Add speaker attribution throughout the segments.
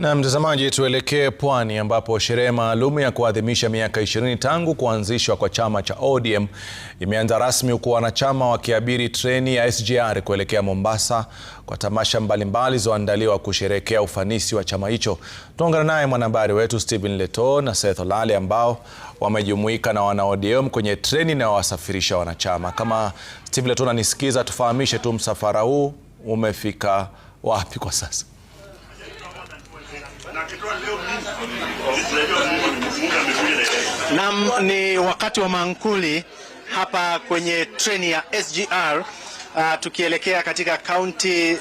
Speaker 1: Na mtazamaji, tuelekee Pwani ambapo sherehe maalum ya kuadhimisha miaka ishirini tangu kuanzishwa kwa chama cha ODM imeanza rasmi huku wanachama wakiabiri treni ya SGR kuelekea Mombasa kwa tamasha mbalimbali zilizoandaliwa kusherehekea ufanisi wa chama hicho. Tuungana naye mwanahabari wetu Stephen Leto na Seth Olale ambao wamejumuika na wana ODM kwenye treni inayowasafirisha wanachama. Kama Stephen Leto, nanisikiza, tufahamishe tu msafara huu umefika wapi kwa sasa?
Speaker 2: Naam, ni wakati wa mankuli hapa kwenye treni ya SGR uh, tukielekea katika kaunti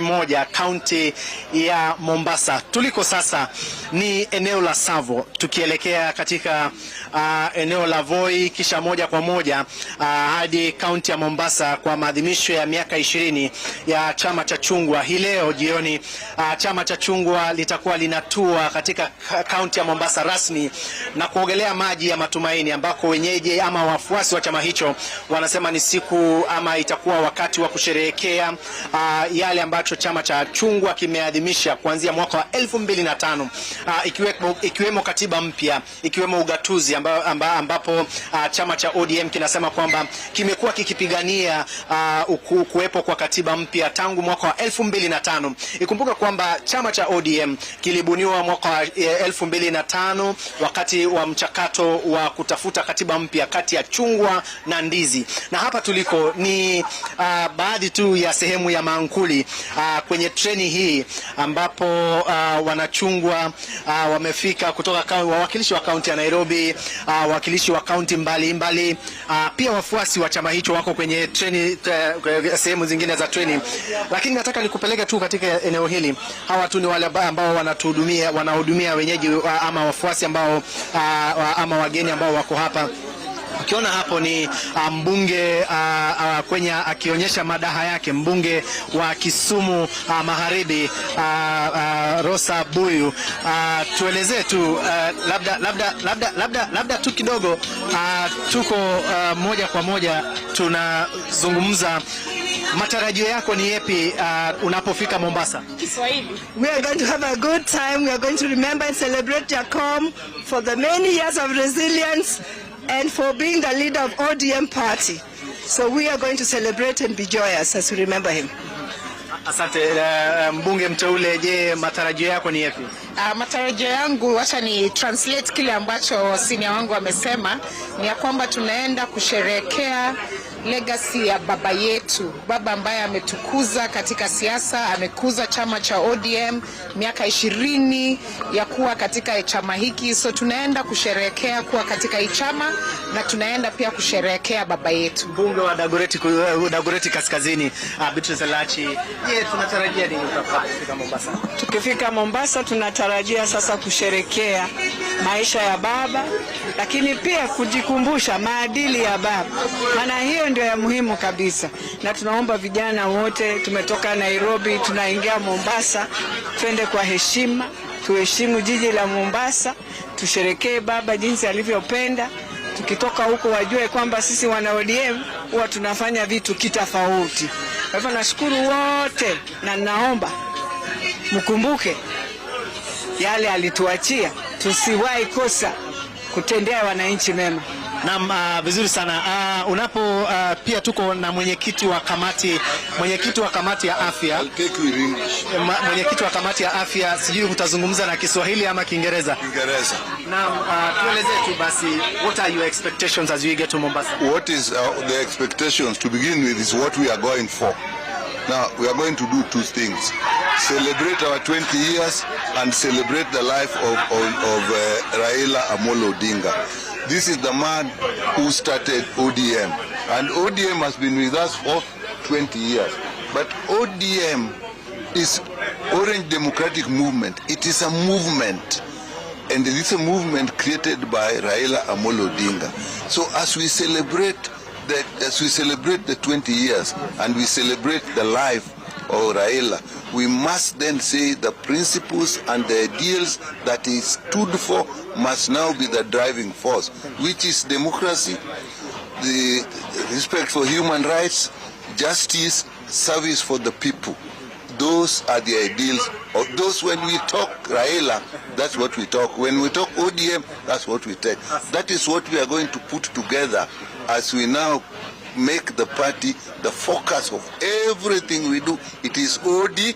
Speaker 2: moja, kaunti ya Mombasa. Tuliko sasa ni eneo la Savo tukielekea katika uh, eneo la Voi kisha moja kwa moja uh, hadi kaunti ya Mombasa kwa maadhimisho ya miaka ishirini ya chama cha chungwa. Hii leo jioni uh, chama cha chungwa litakuwa linatua katika kaunti ya Mombasa rasmi na kuogelea maji ya matumaini, ambako wenyeji ama wafuasi wa chama hicho wanasema ni siku ama itakuwa wakati wa kusherehekea uh, yale ambacho chama cha chungwa kimeadhimisha kuanzia mwaka wa 2005 uh, ikiwemo, ikiwemo katiba mpya ikiwemo ugatuzi amba, amba, ambapo uh, chama cha ODM kinasema kwamba kimekuwa kikipigania uh, kuwepo kwa katiba mpya tangu mwaka wa 2005. Ikumbuka kwamba chama cha ODM kilibuniwa mwaka wa 2005 eh, wakati wa mchakato wa kutafuta katiba mpya kati ya chungwa na ndizi, na hapa tuliko ni uh, baadhi tu ya sehemu ya maankuli uh, kwenye treni hii ambapo uh, wanachungwa uh, wamefika kutoka wawakilishi wa kaunti ya Nairobi uh, wakilishi wa kaunti mbalimbali uh, ah, pia wafuasi wa chama hicho wako kwenye treni uh, sehemu zingine za treni, lakini nataka nikupeleke tu katika eneo hili. Hawa tu ni wale ambao wanatuhudumia, wanahudumia wenyeji uh, ama wafuasi ambao uh, ama wageni ambao wako hapa. Ukiona hapo ni ah, mbunge uh, uh, kwenye akionyesha uh, madaha yake, mbunge wa Kisumu uh, Magharibi uh, uh, Rosa Buyu uh, tuelezee tu uh, labda, labda, labda, labda, labda tu kidogo uh, tuko uh, moja kwa moja tunazungumza matarajio yako ni yepi uh, unapofika Mombasa?
Speaker 3: Kiswahili. We are going to have a good time. We are going to remember and celebrate Jacom for the many years of resilience and for being the leader of ODM party. So we are going to celebrate and be joyous as we remember him.
Speaker 2: Asante. Uh, mbunge mteule, je, matarajio yako ni yapi?
Speaker 4: Uh, matarajio yangu, wacha ni translate kile ambacho senior wangu amesema, ni ya kwamba tunaenda kusherehekea legacy ya baba yetu, baba ambaye ametukuza katika siasa, amekuza chama cha ODM miaka ishirini ya kuwa katika chama hiki. So tunaenda kusherehekea kuwa katika hii chama na tunaenda pia kusherehekea baba yetu.
Speaker 2: Mbunge wa Dagoreti, eh, Dagoreti Kaskazini, uh, Beatrice Lachi, Yeah, tunatarajia nini tukifika Mombasa?
Speaker 4: Tukifika Mombasa tunatarajia sasa kusherekea maisha ya baba, lakini pia kujikumbusha maadili ya baba, maana hiyo ndio ya muhimu kabisa, na tunaomba vijana wote, tumetoka Nairobi tunaingia Mombasa, twende kwa heshima, tuheshimu jiji la Mombasa, tusherekee baba jinsi alivyopenda. Tukitoka huko wajue kwamba sisi wana ODM huwa tunafanya vitu kitofauti. Kwa hivyo nashukuru wote na naomba mkumbuke yale alituachia, tusiwahi kosa kutendea wananchi mema.
Speaker 2: Naam, uh, vizuri sana uh, unapo uh, pia tuko na mwenyekiti wa kamati mwenyekiti wa kamati ya afya mwenyekiti wa kamati ya afya, sijui utazungumza na Kiswahili ama Kiingereza. Kiingereza. Naam, uh, tueleze tu basi what are your expectations as you get to Mombasa?
Speaker 5: What is uh, the expectations to begin with is what we are going for. Now, we are going to do two things. Celebrate our 20 years and celebrate the life of, of, of uh, Raila Amolo Odinga. This is the man who started ODM. And ODM has been with us for 20 years. But ODM is Orange Democratic Movement. It is a movement. And it is a movement created by Raila Amolo Odinga. So as we celebrate the, as we celebrate the 20 years and we celebrate the life of Raila, we must then say the principles and the ideals that he stood for must now be the driving force, which is democracy, the respect for human rights, justice, service for the people. Those are the ideals of those when we talk Raila, that's what we talk. When we talk ODM, that's what we take. That is what we are going to put together as we now make the party the focus of everything we do. It is ODM.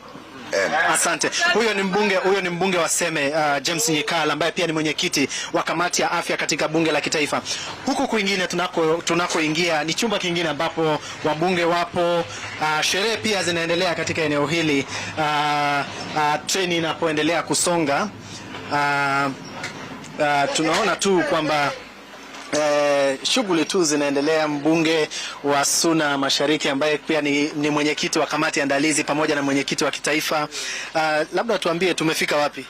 Speaker 2: Asante. Huyo ni mbunge, huyo ni mbunge wa Seme uh, James Nyikala ambaye pia ni mwenyekiti wa kamati ya afya katika bunge la kitaifa. Huku kwingine tunako tunakoingia ni chumba kingine ambapo wabunge wapo, uh, sherehe pia zinaendelea katika eneo hili uh, uh, treni inapoendelea kusonga uh, uh, tunaona tu kwamba shughuli tu zinaendelea. Mbunge wa Suna Mashariki ambaye pia ni, ni mwenyekiti wa kamati andalizi pamoja na mwenyekiti wa kitaifa uh, labda tuambie tumefika wapi?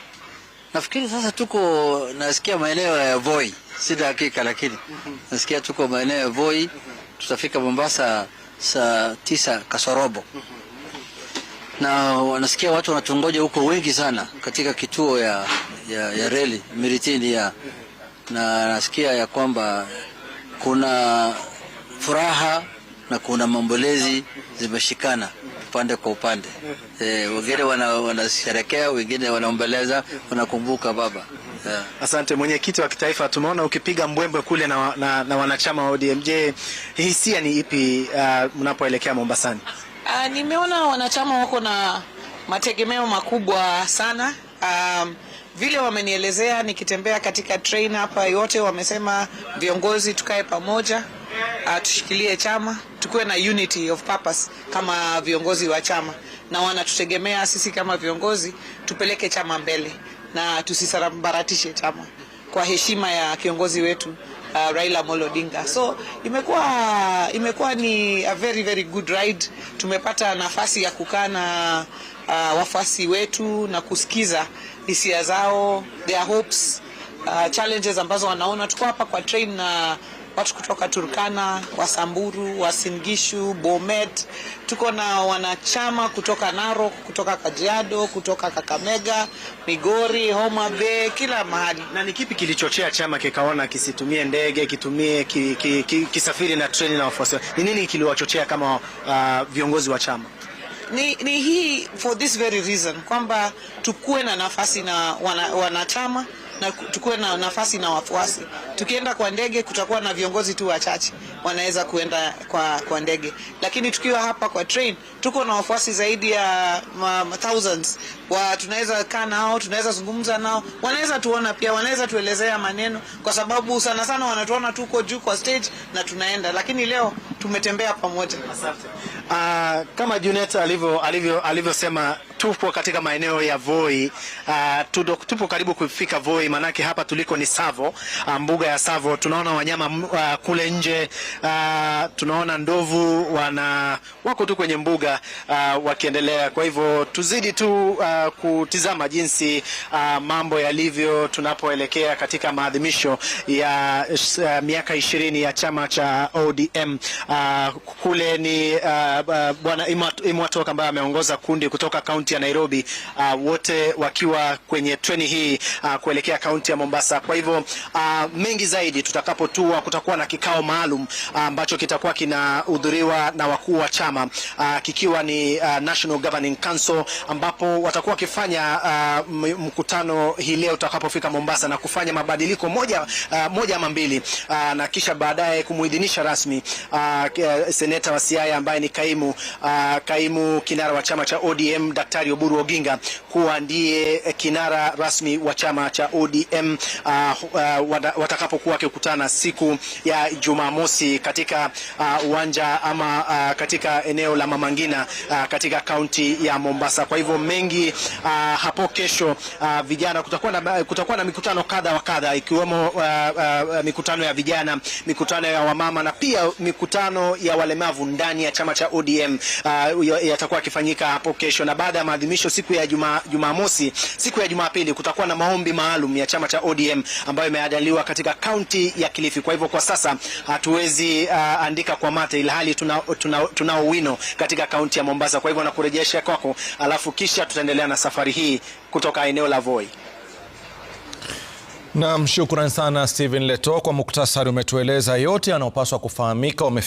Speaker 6: Nafikiri sasa tuko nasikia maeneo ya Voi, sina hakika lakini mhm. nasikia tuko maeneo ya Voi, tutafika Mombasa saa tisa kasorobo mhm. na wanasikia watu wanatungoja huko wengi sana katika kituo ya, ya, ya reli Miritini ya mhm. na nasikia ya kwamba kuna furaha na kuna maombolezi zimeshikana upande kwa upande e, wengine wanasherekea, wengine wanaombeleza, wanakumbuka baba
Speaker 2: yeah. Asante mwenyekiti wa kitaifa, tumeona ukipiga mbwembwe kule na, na, na wanachama wa ODM. Je, hisia ni ipi mnapoelekea uh, Mombasani?
Speaker 7: Uh, nimeona wanachama wako na mategemeo makubwa sana um, vile wamenielezea nikitembea katika train hapa, yote wamesema viongozi tukae pamoja, uh, tushikilie chama, tukuwe na unity of purpose kama viongozi wa chama, na wanatutegemea sisi kama viongozi tupeleke chama mbele na tusisambaratishe chama kwa heshima ya kiongozi wetu uh, Raila Amolo Odinga. So imekuwa imekuwa ni a very very good ride. Tumepata nafasi ya kukaa na uh, wafuasi wetu na kusikiza hisia zao, their hopes, uh, challenges ambazo wanaona. Tuko hapa kwa train na uh, watu kutoka Turkana, Wasamburu, Wasingishu, Bomet. Tuko na wanachama kutoka Narok, kutoka Kajiado, kutoka Kakamega, Migori, Homa Bay, kila mahali.
Speaker 2: Na ni kipi kilichochea chama kikaona kisitumie ndege, kitumie ki, ki, ki, kisafiri na treni na wafuasi? Ni nini kiliwachochea kama uh, viongozi wa chama?
Speaker 7: Ni, ni hii for this very reason kwamba tukuwe na nafasi na wanachama wana na tukuwe na nafasi na wafuasi. Tukienda kwa ndege, kutakuwa na viongozi tu wachache wanaweza kuenda kwa, kwa ndege, lakini tukiwa hapa kwa train tuko na wafuasi zaidi ya ma, thousands wa tunaweza kaa nao, tunaweza zungumza nao, wanaweza tuona pia, wanaweza tuelezea maneno, kwa sababu sana sana wanatuona tuko juu kwa stage na tunaenda, lakini leo tumetembea pamoja.
Speaker 2: Uh, kama Junet alivyosema alivyo, alivyo tupo katika maeneo ya Voi. Uh, ah, tudok, tupo karibu kufika Voi, manake hapa tuliko ni Savo, uh, mbuga ya Savo. Tunaona wanyama uh, kule nje uh, tunaona ndovu wana wako tu kwenye mbuga uh, wakiendelea. Kwa hivyo tuzidi tu uh, kutizama jinsi uh, mambo yalivyo tunapoelekea katika maadhimisho ya uh, miaka ishirini ya chama cha ODM. Uh, kule ni uh, uh, Bwana Imwatok ambaye ameongoza kundi kutoka kaunti kaunti ya Nairobi, uh, wote wakiwa kwenye treni hii uh, kuelekea kaunti ya Mombasa. Kwa hivyo uh, mengi zaidi tutakapotua, kutakuwa na kikao maalum uh, ambacho uh, kitakuwa kinahudhuriwa na wakuu wa chama uh, kikiwa ni uh, National Governing Council ambapo watakuwa wakifanya uh, mkutano hii leo utakapofika Mombasa na kufanya mabadiliko moja, uh, moja ama mbili uh, na kisha baadaye kumuidhinisha rasmi uh, seneta wa Siaya ambaye ni kaimu uh, kaimu kinara wa chama cha ODM Dr. Daktari Oburu Oginga kuwa ndiye eh, kinara rasmi wa chama cha ODM uh, ah, uh, ah, watakapokuwa wakikutana siku ya Jumamosi katika ah, uwanja uh, ama uh, katika eneo la Mamangina uh, katika kaunti ya Mombasa. Kwa hivyo mengi uh, hapo kesho uh, vijana kutakuwa na, kutakuwa na mikutano kadha wa kadha ikiwemo uh, uh, mikutano ya vijana, mikutano ya wamama na pia mikutano ya walemavu ndani ya chama cha ODM uh, yatakuwa yakifanyika hapo kesho na baada ya maadhimisho siku ya juma, Jumamosi, siku ya Jumapili kutakuwa na maombi maalum ya chama cha ODM ambayo imeandaliwa katika kaunti ya Kilifi. Kwa hivyo kwa sasa hatuwezi uh, andika kwa mate, ilhali tunao tuna, tuna wino katika kaunti ya Mombasa. Kwa hivyo nakurejesha kwako, alafu kisha tutaendelea na safari hii kutoka eneo la Voi.
Speaker 1: Naam, shukrani sana Steven Leto kwa muktasari, umetueleza yote yanayopaswa kufahamika.